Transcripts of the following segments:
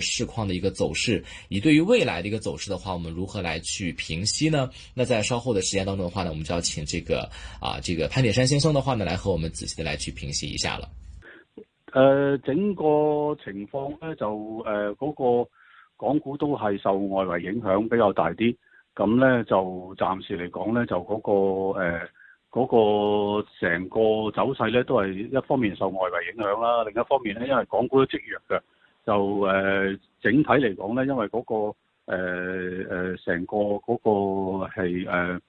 市況的一個走勢，你對於未來的一個走勢的話，我們如何來去平息呢？那在稍後的時間當中的話呢，我們就要請這個啊，這個潘鐵珊先生的話呢，來和我們仔細的來去平息一下了。呃，整個情況呢就呃嗰個港股都係受外圍影響比較大啲，咁呢就暫時嚟講呢就嗰個呃嗰個成個走勢呢都係一方面受外圍影響啦，另一方面咧因為港股都積弱嘅。就誒、呃、整體嚟講咧，因為嗰、嗰個誒成、呃、個嗰個係誒、呃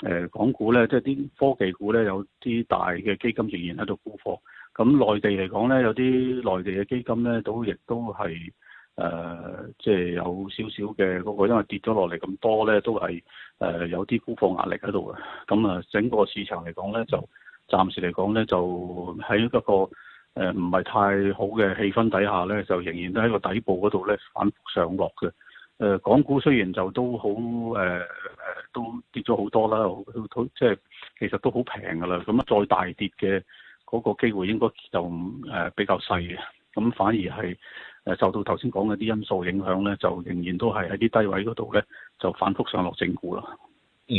呃、港股咧，即係啲科技股咧，有啲大嘅基金仍然喺度沽貨。咁內地嚟講咧，有啲內地嘅基金咧，都亦都係誒，即、呃、係、即係、有少少嘅嗰個，因為跌咗落嚟咁多咧，都係誒、呃、有啲沽貨壓力喺度嘅。咁啊，整個市場嚟講咧，就暫時嚟講咧，就喺一個。誒，唔係、呃、太好嘅氣氛底下咧，就仍然都喺個底部嗰度咧反覆上落嘅。誒、呃，港股雖然就都好誒誒，都跌咗好多啦，即係其實都好平㗎啦。咁啊，再大跌嘅嗰個機會應該就誒比較細嘅。咁反而係誒受到頭先講嗰啲因素影響咧，就仍然都係喺啲低位嗰度咧，就反覆上落整股啦。嗯。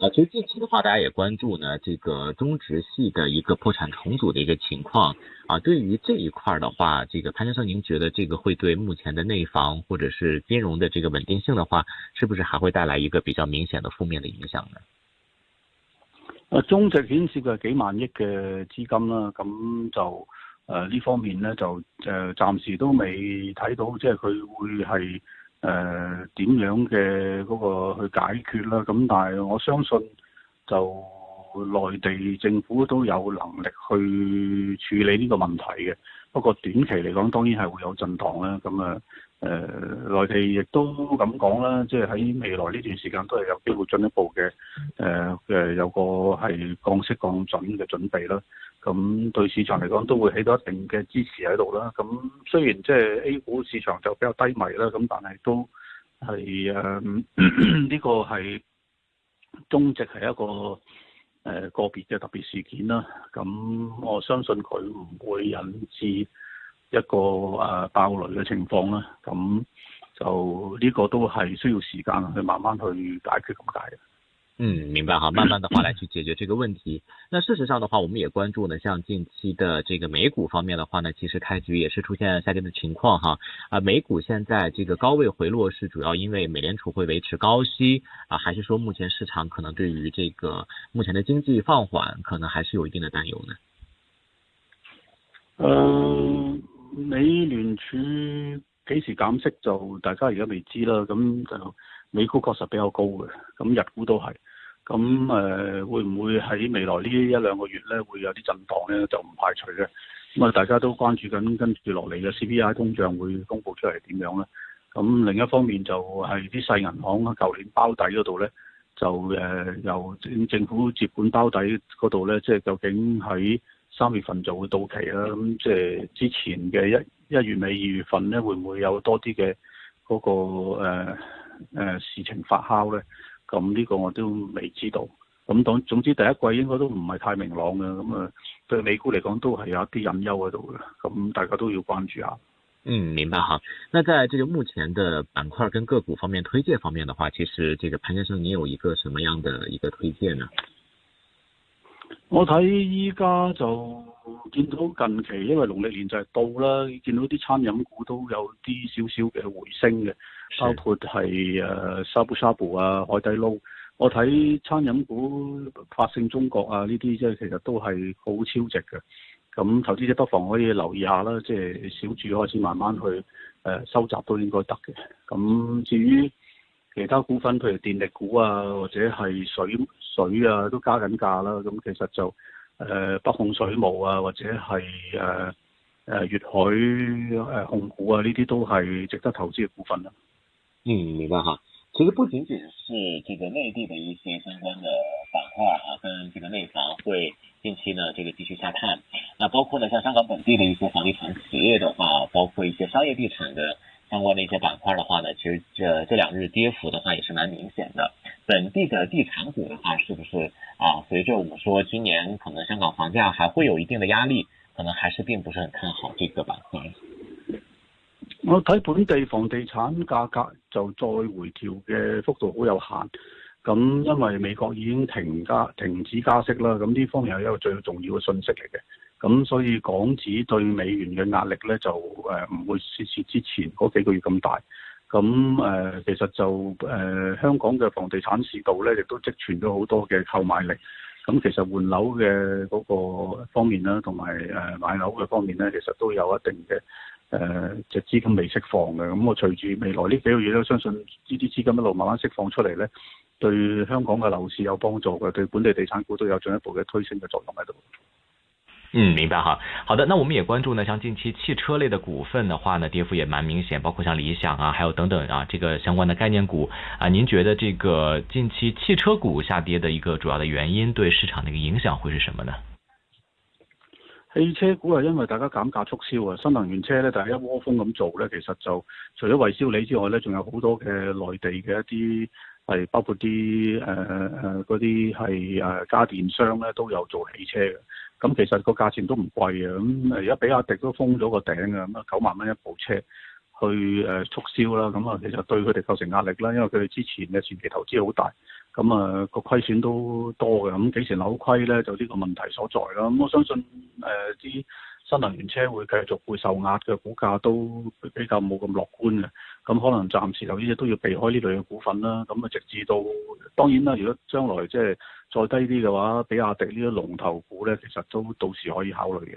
啊，其實近期的話，大家也關注呢這個中植系的一個破產重組的一個情況啊。對於這一塊的話，這個潘先生，您覺得這個會對目前的內房或者是金融的這個穩定性的話，是不是還會帶來一個比較明顯的負面的影響呢？呃、啊、中植顯示的幾萬億的資金啦、啊，咁就呃呢方面呢就誒暫、呃、時都未睇到，即係佢會係。誒點、呃、樣嘅嗰個去解決啦？咁但係我相信就內地政府都有能力去處理呢個問題嘅。不過短期嚟講，當然係會有震盪啦。咁、嗯、啊～誒、呃、內地亦都咁講啦，即係喺未來呢段時間都係有機會進一步嘅誒、呃、有個係降息降準嘅準備啦。咁對市場嚟講都會起到一定嘅支持喺度啦。咁雖然即係 A 股市場就比較低迷啦，咁但係都係誒呢個係中值係一個誒、呃、個別嘅特別事件啦。咁我相信佢唔會引致一個呃爆雷嘅情況啦，咁就呢個都係需要時間去慢慢去解決咁解嘅。嗯，明白哈，慢慢的話來去解決這個問題。 那事實上的話，我們也關注呢，像近期的這個美股方面的話呢，其實開局也是出現下跌的情況哈。啊，美股現在這個高位回落，是主要因為美聯儲會維持高息，啊，還是說目前市場可能對於這個目前的經濟放緩，可能還是有一定的擔憂呢？嗯。美聯儲幾時減息就大家而家未知啦，咁就美股確實比較高嘅，咁日股都係，咁誒、呃、會唔會喺未來呢一兩個月呢會有啲震盪呢？就唔排除嘅，咁啊大家都關注緊跟住落嚟嘅 CPI 通脹會公佈出嚟點樣呢？咁另一方面就係啲細銀行啊，舊年包底嗰度呢，就、呃、由政政府接管包底嗰度呢，即、就、係、係、究竟喺三月份就會到期啦，咁即係之前嘅一一月尾二月份咧，會唔會有多啲嘅嗰個誒、呃呃、事情發酵咧？咁呢個我都未知道。咁總總之第一季應該都唔係太明朗嘅，咁啊對美股嚟講都係有一啲隱憂喺度嘅，咁大家都要關注下。嗯，明白哈。那在這個目前的板塊跟個股方面推介方面嘅話，其實這個潘先生你有一個什麼樣嘅一個推薦呢？我睇依家就見到近期，因為農曆年就係到啦，見到啲餐飲股都有啲少少嘅回升嘅，是包括係誒、啊、沙布沙布啊、海底撈。我睇餐飲股，百勝中國啊呢啲，即係其實都係好超值嘅。咁投資者不妨可以留意下啦，即、就、係、是、小注開始慢慢去、啊、收集都應該得嘅。咁至於，其他股份，譬如電力股啊，或者係水水啊，都加緊價啦。咁、嗯、其實就誒、呃、北控水務啊，或者係誒誒粵海誒、呃、控股啊，呢啲都係值得投資嘅股份啦、啊。嗯，明白哈，其實不僅僅是這個內地的一些相關的板塊啊，跟這個內房會近期呢，這個繼續下探。那包括呢，像香港本地的一些房地產企業的話，包括一些商業地產的。相關的一些板塊的話呢，其實這這兩日跌幅的話也是蠻明顯的。本地的地產股的話，是不是啊？隨着我們說今年可能香港房價還會有一定的壓力，可能還是並不是很看好這個板塊。我睇本地房地產價格就再回調嘅幅度好有限。咁因為美國已經停加停止加息啦，咁呢方面係一個最重要嘅信息嚟嘅。咁所以港紙對美元嘅壓力咧就誒唔會係似之前嗰幾個月咁大，咁誒、呃、其實就誒、呃、香港嘅房地產市道咧，亦都積存咗好多嘅購買力。咁其實換樓嘅嗰個方面啦，同埋誒買樓嘅方面咧，其實都有一定嘅誒嘅資金未釋放嘅。咁我隨住未來呢幾個月咧，相信呢啲資金一路慢慢釋放出嚟咧，對香港嘅樓市有幫助嘅，對本地地產股都有進一步嘅推升嘅作用喺度。嗯，明白哈。好的，那我們也關注呢，像近期汽車類的股份的話呢，跌幅也蠻明顯，包括像理想啊，還有等等啊，這個相關的概念股啊，您覺得這個近期汽車股下跌的一個主要的原因，對市場的一個影響會是什麼呢？汽車股啊，因為大家減價促銷啊，新能源車呢，大家一窩蜂咁做呢，其實就除咗蔚小理之外呢，仲有好多嘅內地嘅一啲係包括啲誒誒嗰啲係誒家電商呢都有做汽車嘅。咁其實個價錢都唔貴嘅，咁而家比亞迪都封咗個頂，咁啊九萬蚊一部車去，去、呃、誒促銷啦，咁啊其實對佢哋構成壓力啦，因為佢哋之前嘅前期投資好大，咁、那、啊個虧損都多嘅，咁幾成扭虧咧就呢個問題所在啦，咁我相信誒啲。呃新能源車會繼續會受壓嘅，股價都比較冇咁樂觀嘅。咁可能暫時有啲嘢都要避開呢類嘅股份啦。咁啊，直至到，當然啦，如果將來即係再低啲嘅話，比亞迪呢啲龍頭股呢，其實都到時可以考慮嘅。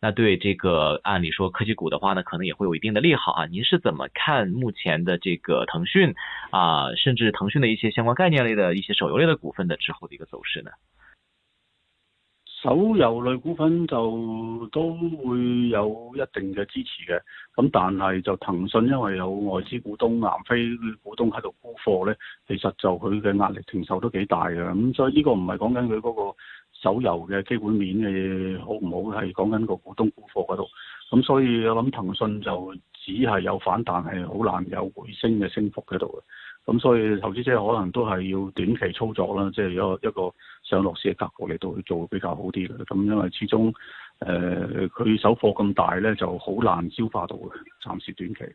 那對這個，按理說科技股的話呢，可能也會有一定的利好啊。您是怎麼看目前的這個騰訊啊，甚至騰訊的一些相關概念類的一些手遊類的股份的之後的一個走勢呢？手遊類股份就都會有一定嘅支持嘅，咁但係就騰訊因為有外資股東南非股東喺度沽貨呢，其實就佢嘅壓力承受都幾大嘅，咁所以呢個唔係講緊佢嗰個。手遊嘅基本面嘅嘢好唔好，係講緊個股東股貨嗰度。咁所以我諗騰訊就只係有反彈，係好難有回升嘅升幅喺度嘅。咁所以投資者可能都係要短期操作啦，即係一個一個上落市嘅格局嚟到去做比較好啲嘅。咁因為始終誒佢、呃、手貨咁大咧，就好難消化到嘅，暫時短期。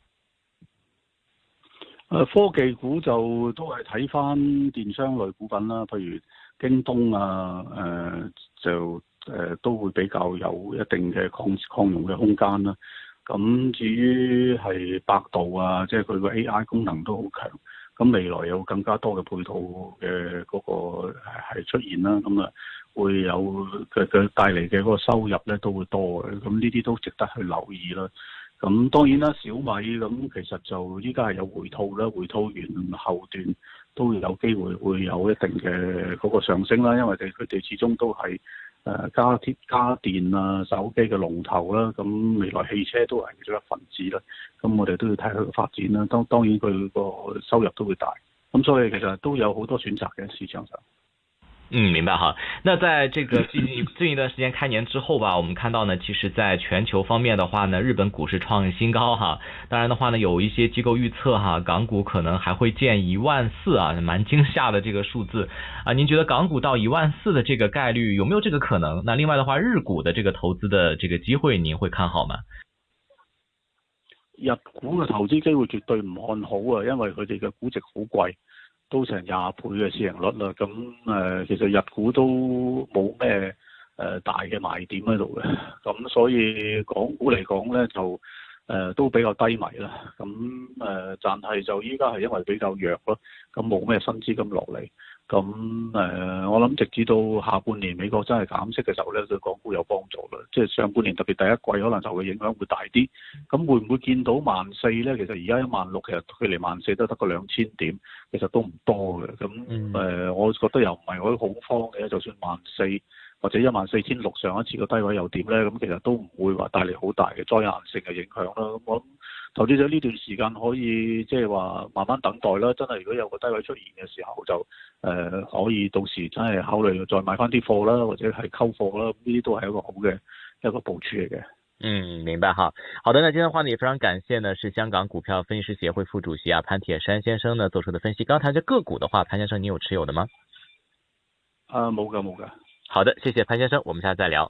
科技股就都係睇翻電商類股份啦，譬如京東啊，誒、呃、就誒、呃、都會比較有一定嘅擴擴容嘅空間啦。咁至於係百度啊，即係佢個 AI 功能都好強，咁未來有更加多嘅配套嘅嗰個係出現啦，咁啊會有佢佢帶嚟嘅嗰個收入咧都會多嘅，咁呢啲都值得去留意啦。咁當然啦，小米咁其實就依家係有回吐啦，回吐完後段都會有機會會有一定嘅嗰個上升啦，因為佢哋始終都係誒家電、家電啊、手機嘅龍頭啦，咁未來汽車都係其中一份子啦。咁我哋都要睇佢發展啦。當當然佢個收入都會大，咁所以其實都有好多選擇嘅市場上。嗯，明白哈。那在這個最近最近一段時間開年之後吧，我們看到呢，其實，在全球方面的話呢，日本股市創新高哈。當然的話呢，有一些機構預測哈，港股可能還會見一萬四啊，蠻驚吓的這個數字啊。您覺得港股到一萬四的這個概率有沒有這個可能？那另外的話，日股的這個投資的這個機會，您會看好嗎？日股的投資機會絕對唔看好啊，因為佢哋嘅估值好貴。都成廿倍嘅市盈率啦，咁誒、呃、其實日股都冇咩誒大嘅賣點喺度嘅，咁所以港股嚟講咧就誒、呃、都比較低迷啦，咁誒、呃、但係就依家係因為比較弱咯，咁冇咩新資金落嚟。咁誒、呃，我諗直至到下半年美國真係減息嘅時候咧，對港股有幫助啦。即係上半年特別第一季，可能受嘅影響會大啲。咁會唔會見到萬四咧？其實而家一萬六，其實距離萬四都得個兩千點，其實都唔多嘅。咁誒、嗯呃，我覺得又唔係我好慌嘅。就算萬四或者一萬四千六，上一次個低位又點咧？咁其實都唔會話帶嚟好大嘅災難性嘅影響啦。咁我投資者呢段時間可以即係話慢慢等待啦，真係如果有個低位出現嘅時候就誒、呃、可以到時真係考慮再買翻啲貨啦，或者係溝貨啦，呢啲都係一個好嘅一個部署嚟嘅。嗯，明白吓，好的，那今天話呢，也非常感謝呢，是香港股票分析師協會副主席啊潘鐵珊先生呢做出嘅分析。剛才講個股的話，潘先生你有持有的嗎？啊，冇噶冇噶。的好的，謝謝潘先生，我們下次再聊。